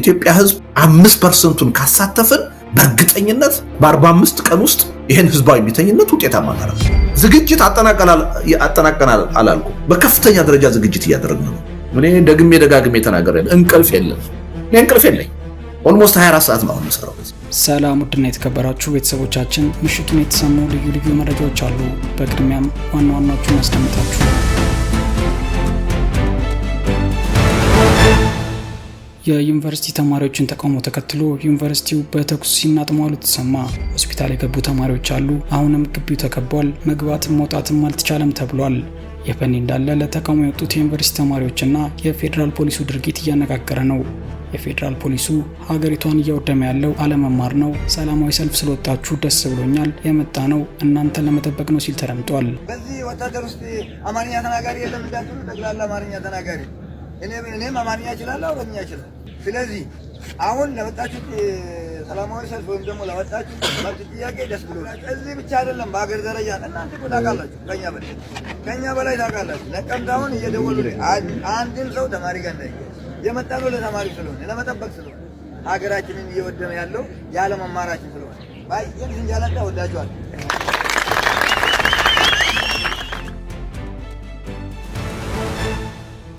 ኢትዮጵያ ህዝብ አምስት ፐርሰንቱን ካሳተፍን በእርግጠኝነት በአርባ አምስት ቀን ውስጥ ይህን ህዝባዊ ቢተኝነት ውጤታማ ማለት ዝግጅት አጠናቀናል አላልኩ። በከፍተኛ ደረጃ ዝግጅት እያደረግን ነው። እኔ ደግሜ ደጋግሜ ተናገር እንቅልፍ የለም። እኔ እንቅልፍ የለኝ። ኦልሞስት 24 ሰዓት ነው አሁን ሰራው። ሰላም ውድና የተከበራችሁ ቤተሰቦቻችን፣ ምሽቱን የተሰሙ ልዩ ልዩ መረጃዎች አሉ። በቅድሚያም ዋና ዋናዎቹን ያስደምጣችሁ የዩኒቨርሲቲ ተማሪዎችን ተቃውሞ ተከትሎ ዩኒቨርሲቲው በተኩስ ሲናጥ ተሰማ። ሆስፒታል የገቡ ተማሪዎች አሉ። አሁንም ግቢው ተከቧል፣ መግባትም መውጣትም አልተቻለም ተብሏል። የፈኔ እንዳለ ለተቃውሞ የወጡት የዩኒቨርሲቲ ተማሪዎችና የፌዴራል ፖሊሱ ድርጊት እያነጋገረ ነው። የፌዴራል ፖሊሱ ሀገሪቷን እያወደመ ያለው አለመማር ነው፣ ሰላማዊ ሰልፍ ስለወጣችሁ ደስ ብሎኛል፣ የመጣ ነው እናንተን ለመጠበቅ ነው ሲል ተደምጧል። በዚህ ወታደር ውስጥ አማርኛ ተናጋሪ የለም እንዳትሉ፣ ጠቅላላ አማርኛ ተናጋሪ እኔም አማርኛ እችላለሁ፣ አማርኛ እችላለሁ ስለዚህ አሁን ለመጣችሁት ሰላማዊ ሰልፍ ወይም ደግሞ ለመጣችሁት መብት ጥያቄ ደስ ብሎ እዚህ ብቻ አይደለም፣ በሀገር ደረጃ እናንተ እኮ ታውቃላችሁ፣ ከኛ በላይ ከኛ በላይ ታውቃላችሁ። ነቀምት አሁን እየደወሉ አንድም ሰው ተማሪ ጋር ነ የመጣ ነው ለተማሪ ስለሆነ ለመጠበቅ ስለሆነ ሀገራችንን እየወደመ ያለው ያለመማራችን ስለሆነ ባየን ስንጃለዳ ወዳችኋል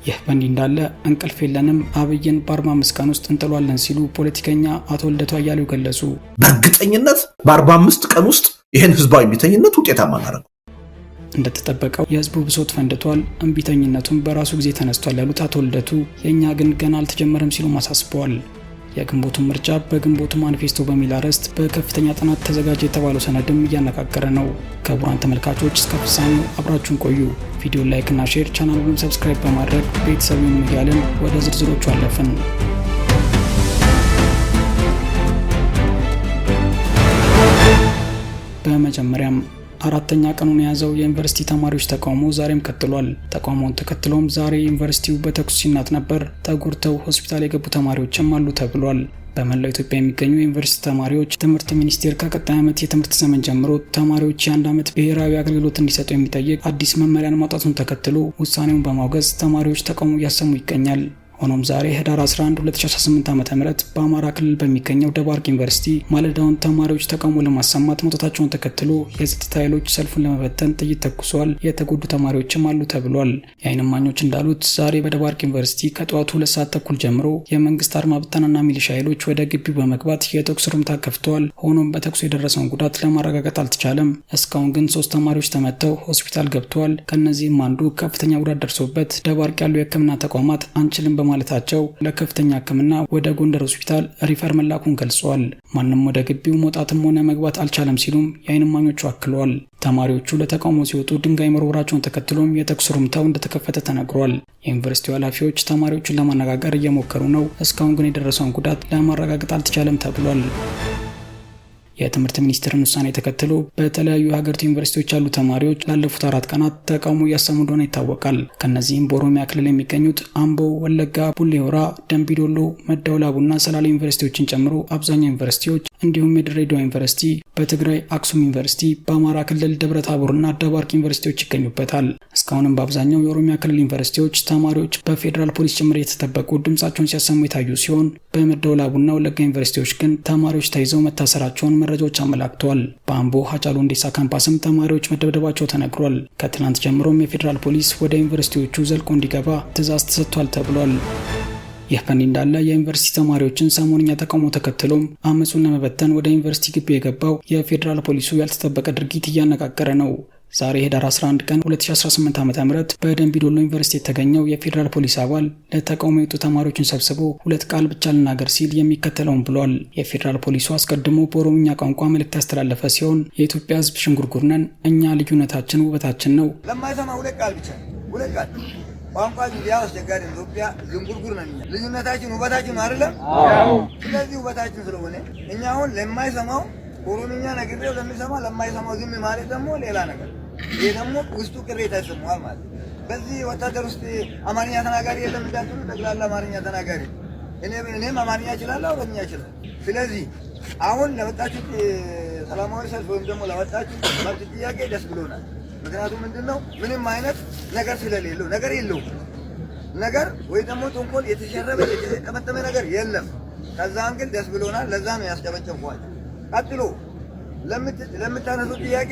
ይህ በእንዲህ እንዳለ እንቅልፍ የለንም አብይን በ45 ቀን ውስጥ እንጥሏለን ሲሉ ፖለቲከኛ አቶ ልደቱ አያሌው ገለጹ። በእርግጠኝነት በ ቀን ውስጥ ይህን ህዝባዊ እምቢተኝነት ውጤታማ እናደርገው። እንደተጠበቀው የህዝቡ ብሶት ፈንድቷል፣ እምቢተኝነቱም በራሱ ጊዜ ተነስቷል ያሉት አቶ ልደቱ የእኛ ግን ገና አልተጀመረም ሲሉም አሳስበዋል። የግንቦቱን ምርጫ በግንቦቱ ማኒፌስቶ በሚል አርዕስት በከፍተኛ ጥናት ተዘጋጀ የተባለው ሰነድም እያነጋገረ ነው። ክቡራን ተመልካቾች እስከ ፍጻሜው አብራችሁን ቆዩ። ቪዲዮ ላይክና ሼር፣ ቻናሉንም ሰብስክራይብ በማድረግ ቤተሰቡን እያልን ወደ ዝርዝሮቹ አለፍን። አራተኛ ቀኑን የያዘው የዩኒቨርሲቲ ተማሪዎች ተቃውሞ ዛሬም ቀጥሏል። ተቃውሞውን ተከትሎም ዛሬ ዩኒቨርሲቲው በተኩስ ሲናጥ ነበር። ተጎድተው ሆስፒታል የገቡ ተማሪዎችም አሉ ተብሏል። በመላው ኢትዮጵያ የሚገኙ የዩኒቨርሲቲ ተማሪዎች ትምህርት ሚኒስቴር ከቀጣይ ዓመት የትምህርት ዘመን ጀምሮ ተማሪዎች የአንድ ዓመት ብሔራዊ አገልግሎት እንዲሰጡ የሚጠይቅ አዲስ መመሪያን ማውጣቱን ተከትሎ ውሳኔውን በማውገዝ ተማሪዎች ተቃውሞ እያሰሙ ይገኛል። ሆኖም ዛሬ ህዳር 11 2018 ዓ ም በአማራ ክልል በሚገኘው ደባርቅ ዩኒቨርሲቲ ማለዳውን ተማሪዎች ተቃውሞ ለማሰማት መውጣታቸውን ተከትሎ የጸጥታ ኃይሎች ሰልፉን ለመበተን ጥይት ተኩሰዋል። የተጎዱ ተማሪዎችም አሉ ተብሏል። የዓይን እማኞች እንዳሉት ዛሬ በደባርቅ ዩኒቨርሲቲ ከጠዋቱ ሁለት ሰዓት ተኩል ጀምሮ የመንግስት አድማ ብተናና ሚሊሻ ኃይሎች ወደ ግቢው በመግባት የተኩስ ርምታ ከፍተዋል። ሆኖም በተኩሱ የደረሰውን ጉዳት ለማረጋገጥ አልተቻለም። እስካሁን ግን ሶስት ተማሪዎች ተመተው ሆስፒታል ገብተዋል። ከእነዚህም አንዱ ከፍተኛ ጉዳት ደርሶበት ደባርቅ ያሉ የህክምና ተቋማት አንችልም በ በማለታቸው ለከፍተኛ ሕክምና ወደ ጎንደር ሆስፒታል ሪፈር መላኩን ገልጿል። ማንም ወደ ግቢው መውጣትም ሆነ መግባት አልቻለም ሲሉም የዓይን እማኞቹ አክለዋል። ተማሪዎቹ ለተቃውሞ ሲወጡ ድንጋይ መወርወራቸውን ተከትሎም የተኩስ ሩምታው እንደተከፈተ ተነግሯል። የዩኒቨርሲቲው ኃላፊዎች ተማሪዎቹን ለማነጋገር እየሞከሩ ነው፣ እስካሁን ግን የደረሰውን ጉዳት ለማረጋገጥ አልተቻለም ተብሏል። የትምህርት ሚኒስትርን ውሳኔ ተከትሎ በተለያዩ የሀገሪቱ ዩኒቨርሲቲዎች ያሉ ተማሪዎች ላለፉት አራት ቀናት ተቃውሞ እያሰሙ እንደሆነ ይታወቃል። ከእነዚህም በኦሮሚያ ክልል የሚገኙት አምቦ፣ ወለጋ፣ ቡሌ ሆራ፣ ደንቢዶሎ፣ መደወላቡና ሰላሌ ዩኒቨርሲቲዎችን ጨምሮ አብዛኛው ዩኒቨርሲቲዎች እንዲሁም የድሬዳዋ ዩኒቨርሲቲ፣ በትግራይ አክሱም ዩኒቨርሲቲ፣ በአማራ ክልል ደብረ ታቦርና ደባርክ ዩኒቨርሲቲዎች ይገኙበታል። እስካሁንም በአብዛኛው የኦሮሚያ ክልል ዩኒቨርሲቲዎች ተማሪዎች በፌዴራል ፖሊስ ጭምር የተጠበቁ ድምጻቸውን ሲያሰሙ የታዩ ሲሆን በመደወላቡና ወለጋ ዩኒቨርሲቲዎች ግን ተማሪዎች ተይዘው መታሰራቸውን መረጃዎች አመላክተዋል። በአምቦ ሀጫሉ ሁንዴሳ ካምፓስም ተማሪዎች መደብደባቸው ተነግሯል። ከትናንት ጀምሮም የፌዴራል ፖሊስ ወደ ዩኒቨርሲቲዎቹ ዘልቆ እንዲገባ ትዕዛዝ ተሰጥቷል ተብሏል። ይህ በእንዲህ እንዳለ የዩኒቨርሲቲ ተማሪዎችን ሰሞንኛ ተቃውሞ ተከትሎም አመፁን ለመበተን ወደ ዩኒቨርሲቲ ግቢ የገባው የፌዴራል ፖሊሱ ያልተጠበቀ ድርጊት እያነጋገረ ነው። ዛሬ ህዳር 11 ቀን 2018 ዓ ም በደንቢዶሎ ዩኒቨርሲቲ የተገኘው የፌዴራል ፖሊስ አባል ለተቃውሞ የወጡ ተማሪዎችን ሰብስቦ ሁለት ቃል ብቻ ልናገር ሲል የሚከተለውን ብሏል። የፌዴራል ፖሊሱ አስቀድሞ በኦሮምኛ ቋንቋ መልእክት ያስተላለፈ ሲሆን የኢትዮጵያ ህዝብ ሽንጉርጉር ነን፣ እኛ ልዩነታችን ውበታችን ነው። ለማይሰማ ሁለት ቃል ብቻ ሁለት ቃል ቋንቋ ሚዲያ አስቸጋሪ ኢትዮጵያ ዝንጉርጉር ነን። ልዩነታችን ውበታችን አይደለም። ስለዚህ ውበታችን ስለሆነ እኛ አሁን ለማይሰማው ኦሮምኛ ነግሬው ለሚሰማ ለማይሰማው ዝም ማለት ደግሞ ሌላ ነገር ይህ ደግሞ ውስጡ ቅሬታ ይሰማዋል ማለት በዚህ ወታደር ውስጥ አማርኛ ተናጋሪ የለም እንዳትሉ፣ ጠቅላላ አማርኛ ተናጋሪ እኔም አማርኛ እችላለሁ፣ አማርኛ እችላለሁ። ስለዚህ አሁን ለመጣችሁት ሰላማዊ ሰልፍ ወይም ደግሞ ለመጣችሁት መብት ጥያቄ ደስ ብሎናል። ምክንያቱም ምንድን ነው ምንም አይነት ነገር ስለሌለው ነገር የለውም ነገር ወይ ደግሞ ተንኮል የተሸረበ የተጠመጠመ ነገር የለም። ከዛም ግን ደስ ብሎናል። ለዛም ያስጨበጨብኳል። ቀጥሎ ለምታነሱ ጥያቄ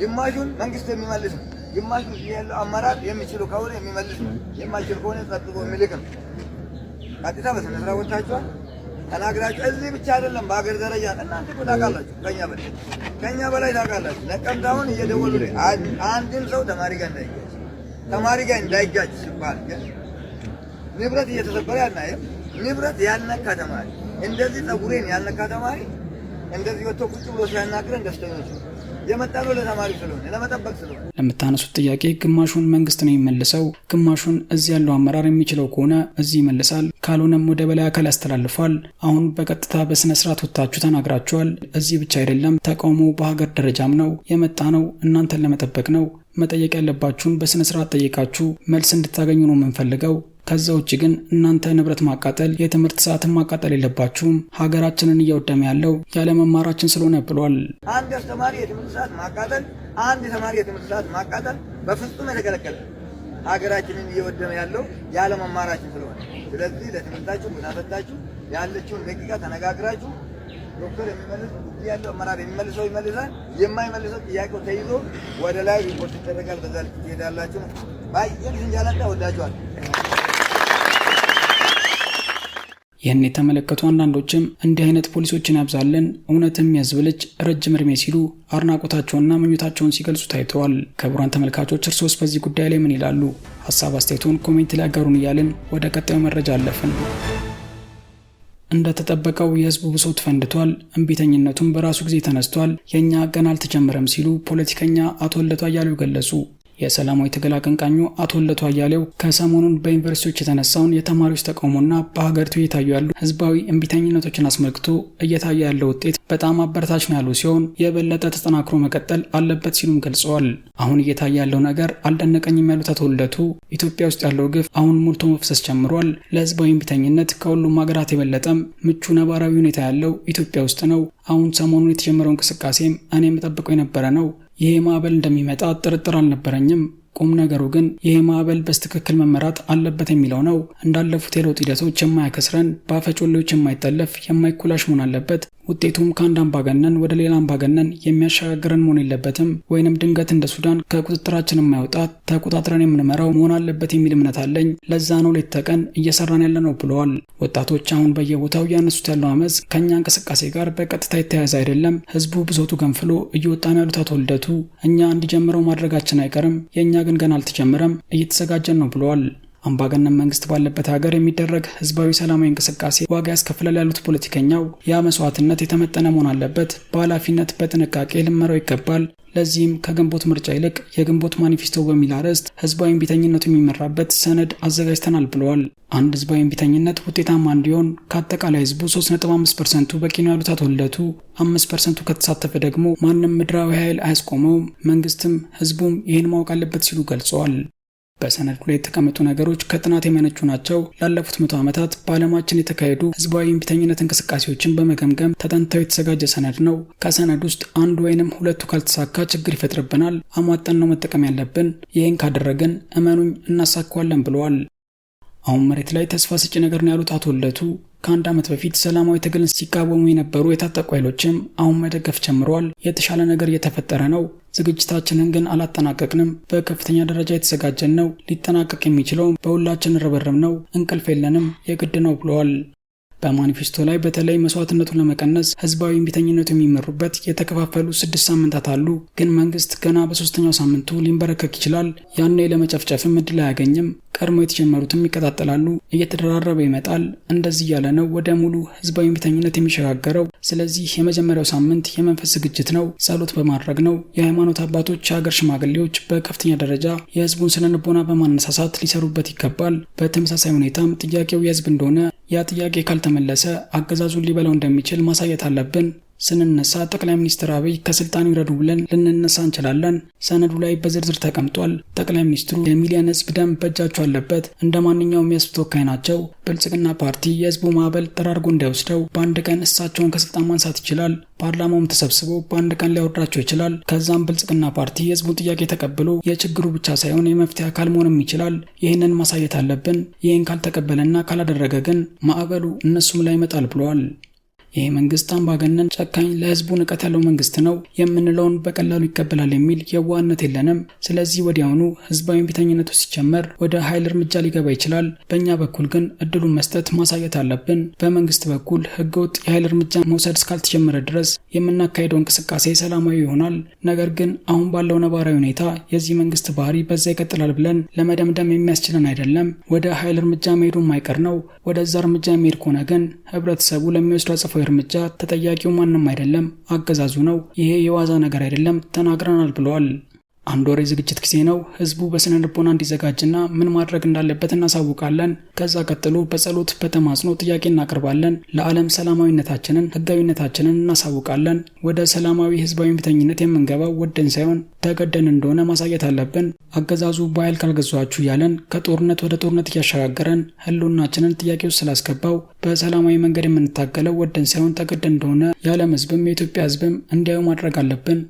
ግማሹን መንግስት የሚመልስ ነው። ግማሹ ያለው አመራር የሚችሉ ከሆነ የሚመልስ ነው። የማይችል ከሆነ ጠጥቆ የሚልክ ነው። ቀጥታ በስነ ስርዓት ወጥታችኋል ተናግራችሁ እዚህ ብቻ አይደለም፣ በሀገር ደረጃ እናንተ እኮ ታውቃላችሁ፣ ከኛ በላይ ከኛ በላይ ታውቃላችሁ። ነቀምት አሁን እየደወሉ አንድም ሰው ተማሪ ጋር እንዳይጋጭ ተማሪ ጋር እንዳይጋጭ ሲባል ንብረት እየተሰበረ ያናየም ንብረት ያልነካ ተማሪ እንደዚህ ጸጉሬን ያልነካ ተማሪ እንደዚህ ወጥቶ ቁጭ ብሎ ሲያናግረን ደስተኞች ነው። የመጣ ነው ለተማሪ ስለሆነ ለመጠበቅ ስለሆነ። ለምታነሱት ጥያቄ ግማሹን መንግስት ነው የሚመልሰው፣ ግማሹን እዚህ ያለው አመራር የሚችለው ከሆነ እዚህ ይመልሳል፣ ካልሆነም ወደ በላይ አካል ያስተላልፏል። አሁን በቀጥታ በስነ ስርዓት ወጥታችሁ ተናግራችኋል። እዚህ ብቻ አይደለም ተቃውሞ በሀገር ደረጃም ነው የመጣ ነው እናንተን ለመጠበቅ ነው። መጠየቅ ያለባችሁን በስነ ስርዓት ጠይቃችሁ መልስ እንድታገኙ ነው የምንፈልገው። ከዛ ውጭ ግን እናንተ ንብረት ማቃጠል፣ የትምህርት ሰዓትን ማቃጠል የለባችሁም ሀገራችንን እየወደመ ያለው ያለመማራችን ስለሆነ ብሏል። አንድ አስተማሪ የትምህርት ሰዓት ማቃጠል፣ አንድ ተማሪ የትምህርት ሰዓት ማቃጠል በፍጹም የተከለከለ ሀገራችንን እየወደመ ያለው ያለመማራችን ስለሆነ፣ ስለዚህ ለትምህርታችሁ ምናፈታችሁ ያለችውን ደቂቃ ተነጋግራችሁ ዶክተር የሚመልስ እዚህ ያለው አመራር የሚመልሰው ይመልሳል። የማይመልሰው ጥያቄው ተይዞ ወደ ላይ ሪፖርት ይደረጋል። በዛ ልክ ትሄዳላችሁ። ባየን ስንጃላታ ወዳችኋል። ይህን የተመለከቱ አንዳንዶችም እንዲህ አይነት ፖሊሶችን ያብዛልን፣ እውነትም የህዝብ ልጅ ረጅም እድሜ ሲሉ አድናቆታቸውንና ምኞታቸውን ሲገልጹ ታይተዋል። ክቡራን ተመልካቾች እርሶስ በዚህ ጉዳይ ላይ ምን ይላሉ? ሀሳብ አስተያየቶን ኮሜንት ላይ ያጋሩን እያልን ወደ ቀጣዩ መረጃ አለፍን። እንደተጠበቀው የህዝቡ ብሶት ፈንድቷል፣ እምቢተኝነቱም በራሱ ጊዜ ተነስቷል። የእኛ ገና አልተጀመረም ሲሉ ፖለቲከኛ አቶ ልደቱ አያሌው ገለጹ። የሰላማዊ ትግል አቀንቃኙ አቶ ልደቱ አያሌው ከሰሞኑን በዩኒቨርሲቲዎች የተነሳውን የተማሪዎች ተቃውሞና በሀገሪቱ እየታዩ ያሉ ህዝባዊ እምቢተኝነቶችን አስመልክቶ እየታየ ያለው ውጤት በጣም አበረታች ነው ያሉ ሲሆን የበለጠ ተጠናክሮ መቀጠል አለበት ሲሉም ገልጸዋል። አሁን እየታየ ያለው ነገር አልደነቀኝም ያሉት አቶ ልደቱ ኢትዮጵያ ውስጥ ያለው ግፍ አሁን ሞልቶ መፍሰስ ጀምሯል። ለህዝባዊ እምቢተኝነት ከሁሉም ሀገራት የበለጠም ምቹ ነባራዊ ሁኔታ ያለው ኢትዮጵያ ውስጥ ነው። አሁን ሰሞኑን የተጀመረው እንቅስቃሴም እኔ የምጠብቀው የነበረ ነው። ይሄ ማዕበል እንደሚመጣ ጥርጥር አልነበረኝም። ቁም ነገሩ ግን ይህ ማዕበል በስትክክል መመራት አለበት የሚለው ነው። እንዳለፉት የለውጥ ሂደቶች የማያከስረን፣ በአፈጮሌዎች የማይጠለፍ፣ የማይኮላሽ መሆን አለበት። ውጤቱም ከአንድ አምባገነን ወደ ሌላ አምባገነን የሚያሸጋግረን መሆን የለበትም ወይንም ድንገት እንደ ሱዳን ከቁጥጥራችን የማይወጣት ተቆጣጥረን የምንመራው መሆን አለበት የሚል እምነት አለኝ። ለዛ ነው ሌት ተቀን እየሰራን ያለ ነው ብለዋል። ወጣቶች አሁን በየቦታው ያነሱት ያለው አመፅ ከእኛ እንቅስቃሴ ጋር በቀጥታ የተያያዘ አይደለም። ህዝቡ ብሶቱ ገንፍሎ እየወጣን ያሉት አቶ ልደቱ እኛ እንዲጀምረው ማድረጋችን አይቀርም። የእኛ ግን ገና አልተጀመረም፣ እየተዘጋጀን ነው ብለዋል። አምባገነን መንግስት ባለበት ሀገር የሚደረግ ህዝባዊ ሰላማዊ እንቅስቃሴ ዋጋ ያስከፍላል ያሉት ፖለቲከኛው ያ መስዋዕትነት የተመጠነ መሆን አለበት፣ በኃላፊነት በጥንቃቄ ልመራው ይገባል። ለዚህም ከግንቦት ምርጫ ይልቅ የግንቦት ማኒፌስቶ በሚል አርዕስት ህዝባዊ እምቢተኝነቱ የሚመራበት ሰነድ አዘጋጅተናል ብለዋል። አንድ ህዝባዊ እምቢተኝነት ውጤታማ እንዲሆን ከአጠቃላይ ህዝቡ 3.5 ፐርሰንቱ በቂ ነው ያሉት አቶ ልደቱ፣ 5 ፐርሰንቱ ከተሳተፈ ደግሞ ማንም ምድራዊ ኃይል አያስቆመውም፣ መንግስትም ህዝቡም ይህን ማወቅ አለበት ሲሉ ገልጸዋል። በሰነዱ ላይ የተቀመጡ ነገሮች ከጥናት የመነጩ ናቸው። ላለፉት መቶ ዓመታት በዓለማችን የተካሄዱ ህዝባዊ እምቢተኝነት እንቅስቃሴዎችን በመገምገም ተጠንተው የተዘጋጀ ሰነድ ነው። ከሰነድ ውስጥ አንዱ ወይንም ሁለቱ ካልተሳካ ችግር ይፈጥርብናል፣ አሟጠን ነው መጠቀም ያለብን። ይህን ካደረግን እመኑኝ እናሳካዋለን ብለዋል። አሁን መሬት ላይ ተስፋ ሰጪ ነገር ነው ያሉት አቶ ወለቱ ከአንድ ዓመት በፊት ሰላማዊ ትግልን ሲቃወሙ የነበሩ የታጠቁ ኃይሎችም አሁን መደገፍ ጀምረዋል። የተሻለ ነገር እየተፈጠረ ነው። ዝግጅታችንን ግን አላጠናቀቅንም። በከፍተኛ ደረጃ የተዘጋጀን ነው። ሊጠናቀቅ የሚችለውም በሁላችን ርብርብ ነው። እንቅልፍ የለንም፣ የግድ ነው ብለዋል። በማኒፌስቶ ላይ በተለይ መስዋዕትነቱን ለመቀነስ ህዝባዊ እምቢተኝነቱ የሚመሩበት የተከፋፈሉ ስድስት ሳምንታት አሉ። ግን መንግስት ገና በሶስተኛው ሳምንቱ ሊንበረከክ ይችላል። ያኔ ለመጨፍጨፍም እድል አያገኝም። ቀድሞ የተጀመሩትም ይቀጣጠላሉ፣ እየተደራረበ ይመጣል። እንደዚህ ያለ ነው ወደ ሙሉ ህዝባዊ እምቢተኝነት የሚሸጋገረው። ስለዚህ የመጀመሪያው ሳምንት የመንፈስ ዝግጅት ነው። ጸሎት በማድረግ ነው። የሃይማኖት አባቶች፣ የሀገር ሽማግሌዎች በከፍተኛ ደረጃ የህዝቡን ስነ ልቦና በማነሳሳት ሊሰሩበት ይገባል። በተመሳሳይ ሁኔታም ጥያቄው የህዝብ እንደሆነ ያ ጥያቄ ካልተመለሰ አገዛዙን ሊበላው እንደሚችል ማሳየት አለብን ስንነሳ ጠቅላይ ሚኒስትር አብይ ከስልጣን ይረዱ ብለን ልንነሳ እንችላለን። ሰነዱ ላይ በዝርዝር ተቀምጧል። ጠቅላይ ሚኒስትሩ የሚሊዮን ሕዝብ ደም በእጃቸው አለበት። እንደ ማንኛውም የህዝብ ተወካይ ናቸው። ብልጽግና ፓርቲ የሕዝቡ ማዕበል ጠራርጎ እንዳይወስደው በአንድ ቀን እሳቸውን ከስልጣን ማንሳት ይችላል። ፓርላማውም ተሰብስቦ በአንድ ቀን ሊያወርዳቸው ይችላል። ከዛም ብልጽግና ፓርቲ የሕዝቡን ጥያቄ ተቀብሎ የችግሩ ብቻ ሳይሆን የመፍትሄ አካል መሆንም ይችላል። ይህንን ማሳየት አለብን። ይህን ካልተቀበለና ካላደረገ ግን ማዕበሉ እነሱም ላይ ይመጣል ብለዋል። ይህ መንግስት አምባገነን፣ ጨካኝ፣ ለህዝቡ ንቀት ያለው መንግስት ነው የምንለውን በቀላሉ ይቀበላል የሚል የዋህነት የለንም። ስለዚህ ወዲያውኑ ህዝባዊ እምቢተኝነቱ ሲጀመር ወደ ኃይል እርምጃ ሊገባ ይችላል። በእኛ በኩል ግን እድሉን መስጠት ማሳየት አለብን። በመንግስት በኩል ህገወጥ የኃይል እርምጃ መውሰድ እስካልተጀመረ ድረስ የምናካሄደው እንቅስቃሴ ሰላማዊ ይሆናል። ነገር ግን አሁን ባለው ነባራዊ ሁኔታ የዚህ መንግስት ባህሪ በዛ ይቀጥላል ብለን ለመደምደም የሚያስችለን አይደለም። ወደ ኃይል እርምጃ መሄዱ የማይቀር ነው። ወደዛ እርምጃ የሚሄድ ከሆነ ግን ህብረተሰቡ ለሚወስዱ አጽፈው እርምጃ ተጠያቂው ማንም አይደለም፣ አገዛዙ ነው። ይሄ የዋዛ ነገር አይደለም፣ ተናግረናል ብለዋል። አንድ ወር የዝግጅት ጊዜ ነው። ህዝቡ በስነ ልቦና እንዲዘጋጅና ምን ማድረግ እንዳለበት እናሳውቃለን። ከዛ ቀጥሎ በጸሎት በተማጽኖ ጥያቄ እናቀርባለን። ለዓለም ሰላማዊነታችንን፣ ህጋዊነታችንን እናሳውቃለን። ወደ ሰላማዊ ህዝባዊ እምቢተኝነት የምንገባው ወደን ሳይሆን ተገደን እንደሆነ ማሳየት አለብን። አገዛዙ በኃይል ካልገዛችሁ እያለን ከጦርነት ወደ ጦርነት እያሸጋገረን ህልውናችንን ጥያቄ ውስጥ ስላስገባው በሰላማዊ መንገድ የምንታገለው ወደን ሳይሆን ተገደን እንደሆነ የዓለም ህዝብም የኢትዮጵያ ህዝብም እንዲያዩ ማድረግ አለብን።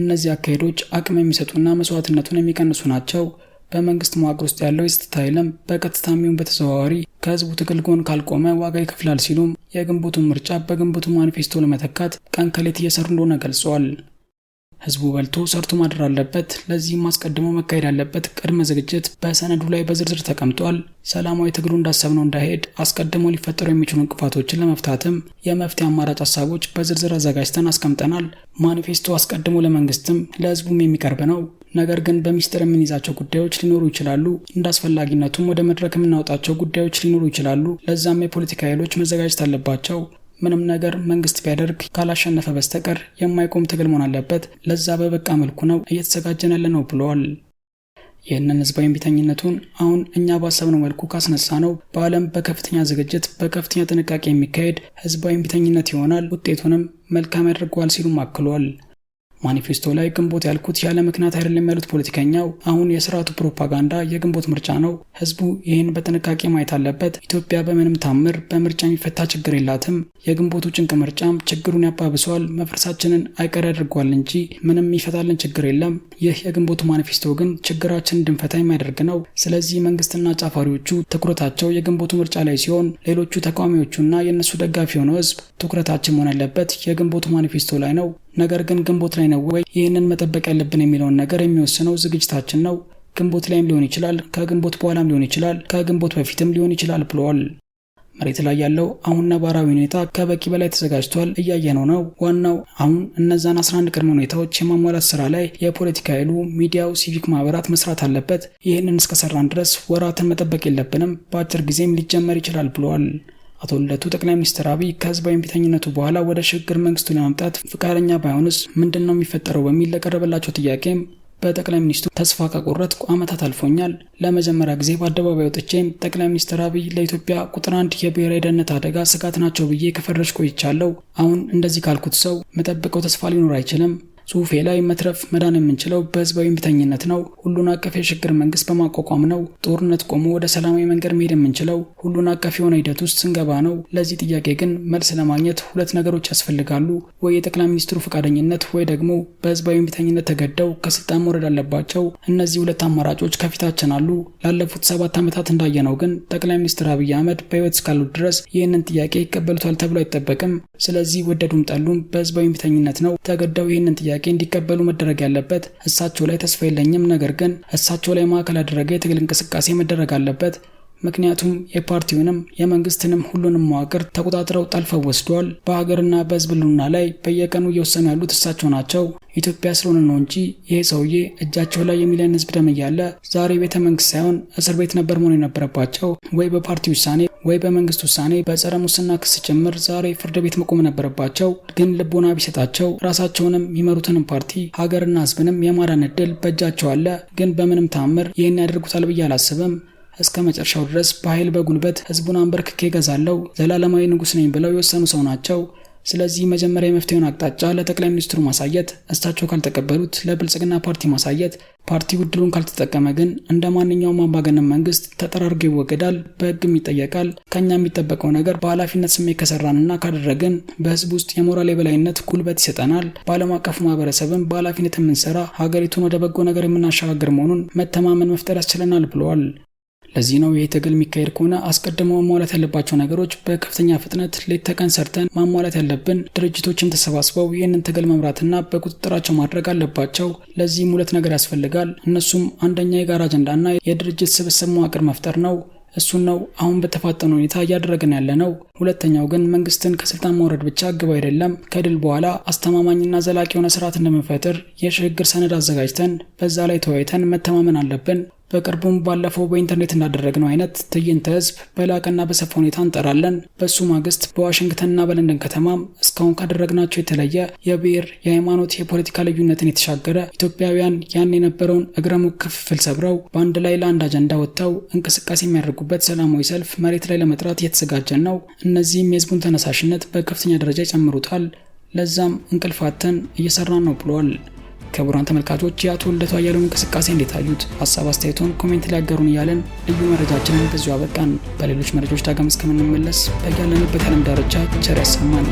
እነዚህ አካሄዶች አቅም የሚሰጡና መስዋዕትነቱን የሚቀንሱ ናቸው። በመንግስት መዋቅር ውስጥ ያለው የጸጥታ ኃይልም በቀጥታ የሚሆን በተዘዋዋሪ ከህዝቡ ትግል ጎን ካልቆመ ዋጋ ይከፍላል ሲሉም የግንቦቱን ምርጫ በግንቦቱ ማኒፌስቶ ለመተካት ቀን ከሌት እየሰሩ እንደሆነ ገልጸዋል። ህዝቡ በልቶ ሰርቶ ማደር አለበት። ለዚህም አስቀድሞ መካሄድ ያለበት ቅድመ ዝግጅት በሰነዱ ላይ በዝርዝር ተቀምጧል። ሰላማዊ ትግሉ እንዳሰብነው እንዳይሄድ አስቀድሞ ሊፈጠሩ የሚችሉ እንቅፋቶችን ለመፍታትም የመፍትሄ አማራጭ ሀሳቦች በዝርዝር አዘጋጅተን አስቀምጠናል። ማኒፌስቶ አስቀድሞ ለመንግስትም ለህዝቡም የሚቀርብ ነው። ነገር ግን በሚስጥር የምንይዛቸው ጉዳዮች ሊኖሩ ይችላሉ። እንደ አስፈላጊነቱም ወደ መድረክ የምናወጣቸው ጉዳዮች ሊኖሩ ይችላሉ። ለዛም የፖለቲካ ኃይሎች መዘጋጀት አለባቸው። ምንም ነገር መንግስት ቢያደርግ ካላሸነፈ በስተቀር የማይቆም ትግል መሆን አለበት። ለዛ በበቃ መልኩ ነው እየተዘጋጀን ያለ ነው ብለዋል። ይህንን ህዝባዊ እምቢተኝነቱን አሁን እኛ ባሰብነው መልኩ ካስነሳ ነው በዓለም በከፍተኛ ዝግጅት በከፍተኛ ጥንቃቄ የሚካሄድ ህዝባዊ እምቢተኝነት ይሆናል። ውጤቱንም መልካም ያደርገዋል ሲሉም አክሏል። ማኒፌስቶ ላይ ግንቦት ያልኩት ያለ ምክንያት አይደለም ያሉት ፖለቲከኛው አሁን የስርዓቱ ፕሮፓጋንዳ የግንቦት ምርጫ ነው። ህዝቡ ይህን በጥንቃቄ ማየት አለበት። ኢትዮጵያ በምንም ታምር በምርጫ የሚፈታ ችግር የላትም። የግንቦቱ ጭንቅ ምርጫም ችግሩን ያባብሰዋል፣ መፍረሳችንን አይቀር ያደርጓል እንጂ ምንም ይፈታልን ችግር የለም። ይህ የግንቦቱ ማኒፌስቶ ግን ችግራችን እንድንፈታ የሚያደርግ ነው። ስለዚህ መንግስትና ጫፋሪዎቹ ትኩረታቸው የግንቦቱ ምርጫ ላይ ሲሆን፣ ሌሎቹ ተቃዋሚዎቹና የእነሱ ደጋፊ የሆነው ህዝብ ትኩረታችን መሆን ያለበት የግንቦቱ ማኒፌስቶ ላይ ነው። ነገር ግን ግንቦት ላይ ነው ወይ ይህንን መጠበቅ ያለብን የሚለውን ነገር የሚወስነው ዝግጅታችን ነው። ግንቦት ላይም ሊሆን ይችላል፣ ከግንቦት በኋላም ሊሆን ይችላል፣ ከግንቦት በፊትም ሊሆን ይችላል ብለዋል። መሬት ላይ ያለው አሁን ነባራዊ ሁኔታ ከበቂ በላይ ተዘጋጅቷል፣ እያየነው ነው። ዋናው አሁን እነዛን 11 ቅድመ ሁኔታዎች የማሟላት ስራ ላይ የፖለቲካ ኃይሉ፣ ሚዲያው፣ ሲቪክ ማህበራት መስራት አለበት። ይህንን እስከሰራን ድረስ ወራትን መጠበቅ የለብንም፣ በአጭር ጊዜም ሊጀመር ይችላል ብለዋል። አቶ ልደቱ ጠቅላይ ሚኒስትር አብይ ከህዝባዊ እምቢተኝነቱ በኋላ ወደ ሽግግር መንግስቱን ለማምጣት ፈቃደኛ ባይሆንስ ምንድን ነው የሚፈጠረው በሚል ለቀረበላቸው ጥያቄም በጠቅላይ ሚኒስትሩ ተስፋ ከቆረጥኩ ዓመታት አልፎኛል። ለመጀመሪያ ጊዜ በአደባባይ ወጥቼም ጠቅላይ ሚኒስትር አብይ ለኢትዮጵያ ቁጥር አንድ የብሔራዊ ደህንነት አደጋ ስጋት ናቸው ብዬ ከፈረጅ ቆይቻለሁ። አሁን እንደዚህ ካልኩት ሰው መጠብቀው ተስፋ ሊኖር አይችልም ጽሁፌ ላይ መትረፍ መዳን የምንችለው በህዝባዊ እምቢተኝነት ነው። ሁሉን አቀፍ የሽግግር መንግስት በማቋቋም ነው። ጦርነት ቆሞ ወደ ሰላማዊ መንገድ መሄድ የምንችለው ሁሉን አቀፍ የሆነ ሂደት ውስጥ ስንገባ ነው። ለዚህ ጥያቄ ግን መልስ ለማግኘት ሁለት ነገሮች ያስፈልጋሉ። ወይ የጠቅላይ ሚኒስትሩ ፈቃደኝነት፣ ወይ ደግሞ በህዝባዊ እምቢተኝነት ተገደው ከስልጣን መውረድ አለባቸው። እነዚህ ሁለት አማራጮች ከፊታችን አሉ። ላለፉት ሰባት ዓመታት እንዳየነው ግን ጠቅላይ ሚኒስትር አብይ አህመድ በህይወት እስካሉ ድረስ ይህንን ጥያቄ ይቀበሉታል ተብሎ አይጠበቅም። ስለዚህ ወደዱም ጠሉም በህዝባዊ እምቢተኝነት ነው ተገደው ይህንን ጥያቄ ጥያቄ እንዲቀበሉ መደረግ ያለበት እሳቸው ላይ ተስፋ የለኝም፣ ነገር ግን እሳቸው ላይ ማዕከል ያደረገ የትግል እንቅስቃሴ መደረግ አለበት ምክንያቱም የፓርቲውንም የመንግስትንም ሁሉንም መዋቅር ተቆጣጥረው ጠልፈው ወስደዋል። በሀገርና በህዝብ ሉና ላይ በየቀኑ እየወሰኑ ያሉት እሳቸው ናቸው። ኢትዮጵያ ስለሆነ ነው እንጂ ይሄ ሰውዬ እጃቸው ላይ የሚለን ህዝብ ደም እያለ ዛሬ ቤተ መንግስት ሳይሆን እስር ቤት ነበር መሆን የነበረባቸው። ወይ በፓርቲ ውሳኔ ወይ በመንግስት ውሳኔ በጸረ ሙስና ክስ ጭምር ዛሬ ፍርድ ቤት መቆም ነበረባቸው። ግን ልቦና ቢሰጣቸው ራሳቸውንም የሚመሩትንም ፓርቲ ሀገርና ህዝብንም የማዳን እድል በእጃቸው አለ። ግን በምንም ታምር ይህን ያደርጉታል ብዬ አላስብም። እስከ መጨረሻው ድረስ በኃይል በጉልበት ህዝቡን አንበርክኬ እገዛለሁ፣ ዘላለማዊ ንጉሥ ነኝ ብለው የወሰኑ ሰው ናቸው። ስለዚህ መጀመሪያ የመፍትሄውን አቅጣጫ ለጠቅላይ ሚኒስትሩ ማሳየት፣ እሳቸው ካልተቀበሉት ለብልጽግና ፓርቲ ማሳየት፣ ፓርቲው ዕድሉን ካልተጠቀመ ግን እንደ ማንኛውም አምባገነን መንግስት ተጠራርጎ ይወገዳል፣ በህግም ይጠየቃል። ከእኛ የሚጠበቀው ነገር በኃላፊነት ስሜት ከሰራንና ካደረግን በህዝብ ውስጥ የሞራል የበላይነት ጉልበት ይሰጠናል። በዓለም አቀፉ ማህበረሰብም በኃላፊነት የምንሰራ ሀገሪቱን ወደ በጎ ነገር የምናሸጋግር መሆኑን መተማመን መፍጠር ያስችለናል ብለዋል። ለዚህ ነው ይህ ትግል የሚካሄድ ከሆነ አስቀድሞ ማሟላት ያለባቸው ነገሮች በከፍተኛ ፍጥነት ሌት ተቀን ሰርተን ማሟላት ያለብን፣ ድርጅቶችም ተሰባስበው ይህንን ትግል መምራትና በቁጥጥራቸው ማድረግ አለባቸው። ለዚህም ሁለት ነገር ያስፈልጋል። እነሱም አንደኛ የጋራ አጀንዳና የድርጅት ስብስብ መዋቅር መፍጠር ነው። እሱን ነው አሁን በተፋጠነ ሁኔታ እያደረግን ያለ ነው። ሁለተኛው ግን መንግስትን ከስልጣን ማውረድ ብቻ ግብ አይደለም። ከድል በኋላ አስተማማኝና ዘላቂ የሆነ ስርዓት እንደምንፈጥር የሽግግር ሰነድ አዘጋጅተን በዛ ላይ ተወያይተን መተማመን አለብን። በቅርቡም ባለፈው በኢንተርኔት እንዳደረግነው አይነት ትዕይንተ ህዝብ በላቀና በሰፋ ሁኔታ እንጠራለን። በእሱ ማግስት በዋሽንግተንና በለንደን ከተማም እስካሁን ካደረግናቸው የተለየ የብሔር፣ የሃይማኖት፣ የፖለቲካ ልዩነትን የተሻገረ ኢትዮጵያውያን ያን የነበረውን እግረ ሙቅ ክፍፍል ሰብረው በአንድ ላይ ለአንድ አጀንዳ ወጥተው እንቅስቃሴ የሚያደርጉበት ሰላማዊ ሰልፍ መሬት ላይ ለመጥራት እየተዘጋጀን ነው። እነዚህም የህዝቡን ተነሳሽነት በከፍተኛ ደረጃ ይጨምሩታል። ለዛም እንቅልፋተን እየሰራን ነው ብለዋል። ክቡራን ተመልካቾች የአቶ ልደቱ አያሌው እንቅስቃሴ እንዴት አዩት? ሀሳብ አስተያየቶን ኮሜንት ሊያገሩን እያለን ልዩ መረጃችንን በዚሁ አበቃን። በሌሎች መረጃዎች ዳግም እስከምንመለስ በያለንበት ዓለም ዳርቻ ቸር ያሰማን።